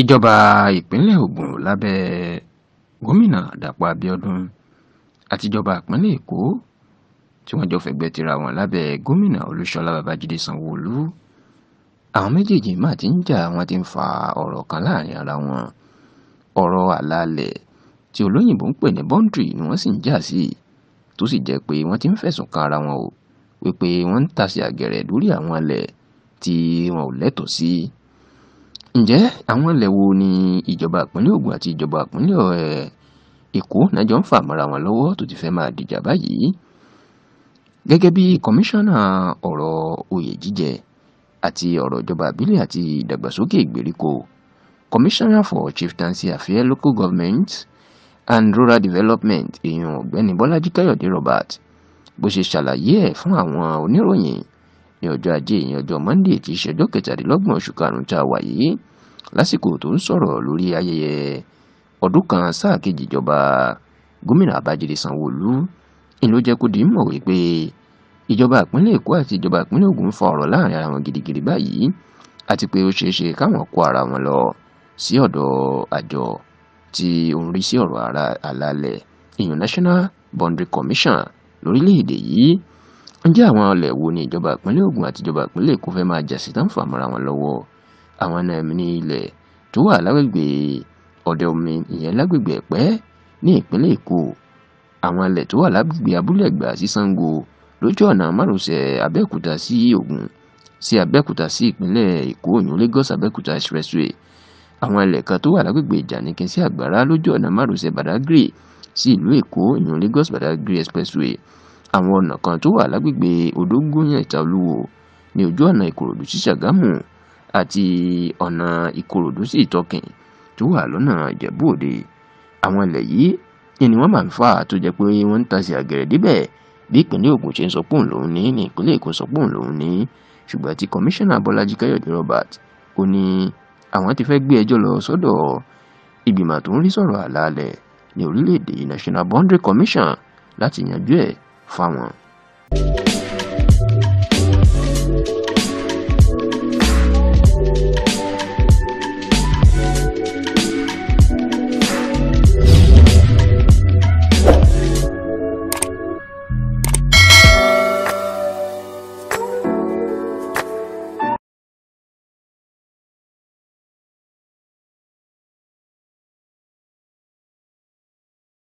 ìjọba ìpínlẹ̀ Ògùn lábẹ́ gómìnà Dàpọ̀ Abíọ́dún àtijọba ìpínlẹ̀ Èkó tí wọ́n jọ fẹ̀gbẹ́ tira wọn lábẹ́ gómìnà Olúṣọlá Babájídé Sanwó-Olú àwọn méjèèjì mà ti ń jà wọ́n ti ń fa ọ̀rọ̀ kan láàrin ara wọn ọ̀rọ̀ àlàálẹ̀ tí olóyìnbó ń pè ní bọ́ńdìrì ni wọ́n sì ń jà sí tó sì jẹ́ pé wọ́n ti ń fẹ̀sùn kan ara wọn o wípé wọ́n ń tàsé àgẹ̀rẹ̀ lórí àwọn ilẹ̀ tí wọn ò lẹ́tọ̀ọ́ sí. Si Ǹjẹ́ àwọn ilẹ̀ wo ni ìjọba ìpínlẹ̀ Ògùn àti ìjọba ìpínlẹ̀ Èkó náà jọ ń fà mọ́ra wọn lọ́wọ́ tó ti fẹ́ máa dìjà báyìí? Gẹ́gẹ́ bí Kọmíṣánná ọ̀rọ̀ oyè jíjẹ àti ọ̀rọ̀ ìjọba ìbílẹ̀ àti ìdàgbàsókè ìgbèríko Commissioner for Chieftaincy Affairs, Local Government and Rural Development èèyàn Ọ̀gbẹ́ni Bọ́lájí Káyọ̀dé Robert bó ṣe ṣàlàyé ẹ̀ fún àwọn oníròyìn ní ọjọ́ ajé ìyẹn ọjọ́ monday tí í ṣe ọjọ́ kẹtàdínlọ́gbọ̀n oṣù karùn-ún tá a wà yìí lásìkò tó ń sọ̀rọ̀ lórí ayẹyẹ ọdún kan sáà kejì ìjọba gómìnà Babájídé sanwó ìlú jẹ́ kó di mọ̀ wípé ìjọba ìpínlẹ̀ Èkó àti ìjọba ìpínlẹ̀ Ògùn fa ọ̀rọ̀ láàrin ara wọn gidigidi báyìí àti pé ó ṣeé ṣe káwọn kó ara wọn lọ sí ọ̀dọ̀ àjọ tí ó ń rí sí ọ̀rọ̀ àlàálẹ̀ ìyọ̀n National Boundary Commission lórílẹ̀‐èdè yìí Ǹjẹ́ àwọn ọ̀lẹ̀ wo ni ìjọba ìpínlẹ̀ Ògùn àti ìjọba ìpínlẹ̀ Èkó fẹ́ máa jà sí tá ń fà mọ́ra wọn lọ́wọ́? Àwọn náà ní ilẹ̀ tó wà lágbègbè Ọdẹ-omi ìyẹn lágbègbè Ẹ̀pẹ́ ní ìpínlẹ̀ Èkó, àwọn ilẹ̀ tó wà lágbègbè abúlé sí Sango lójú ọ̀nà márosẹ̀ Abẹ́òkúta sí Ògùn sí Abẹ́òkúta sí ìpínlẹ̀ Èkó ìyẹn Lagos Abẹ́òkúta Expressway, àwọn ilẹ̀ kan tó wà lágbègbè Ìjànikin sí Àgbàrá lójú ọ̀nà márosẹ̀ Expressway àwọn ọ̀nà kan tó wà lágbègbè Odògùnyàn Ìtaolúwo ní ojú ọ̀nà Ìkòròdú sí Ṣàgámù àti ọ̀nà Ìkòròdú sí Ìtọkìn tó wà lọ́nà Ìjẹ̀bú Òde. Àwọn ilẹ̀ yìí ni wọ́n máa ń fà tó jẹ́ pé wọ́n ń tasẹ̀ àgẹ̀rẹ̀ débẹ̀ bí ìpínlẹ̀ Ògùn ṣe ń sọ pé lòun ní ní ìpínlẹ̀ Èkó sọ pé lòun ní ṣùgbọ́n tí kọmíṣánná Bọ́lájí Káyọ̀dé Robert ó ní àwọn ti fẹ́ gbé ẹjọ́ lọ sọ́dọ̀ ìgbìmọ̀ tó ń rí sọ̀rọ̀ àlàálẹ̀ ní orílẹ̀-èdè National Boundary Commission láti yanjú ẹ̀ 发完。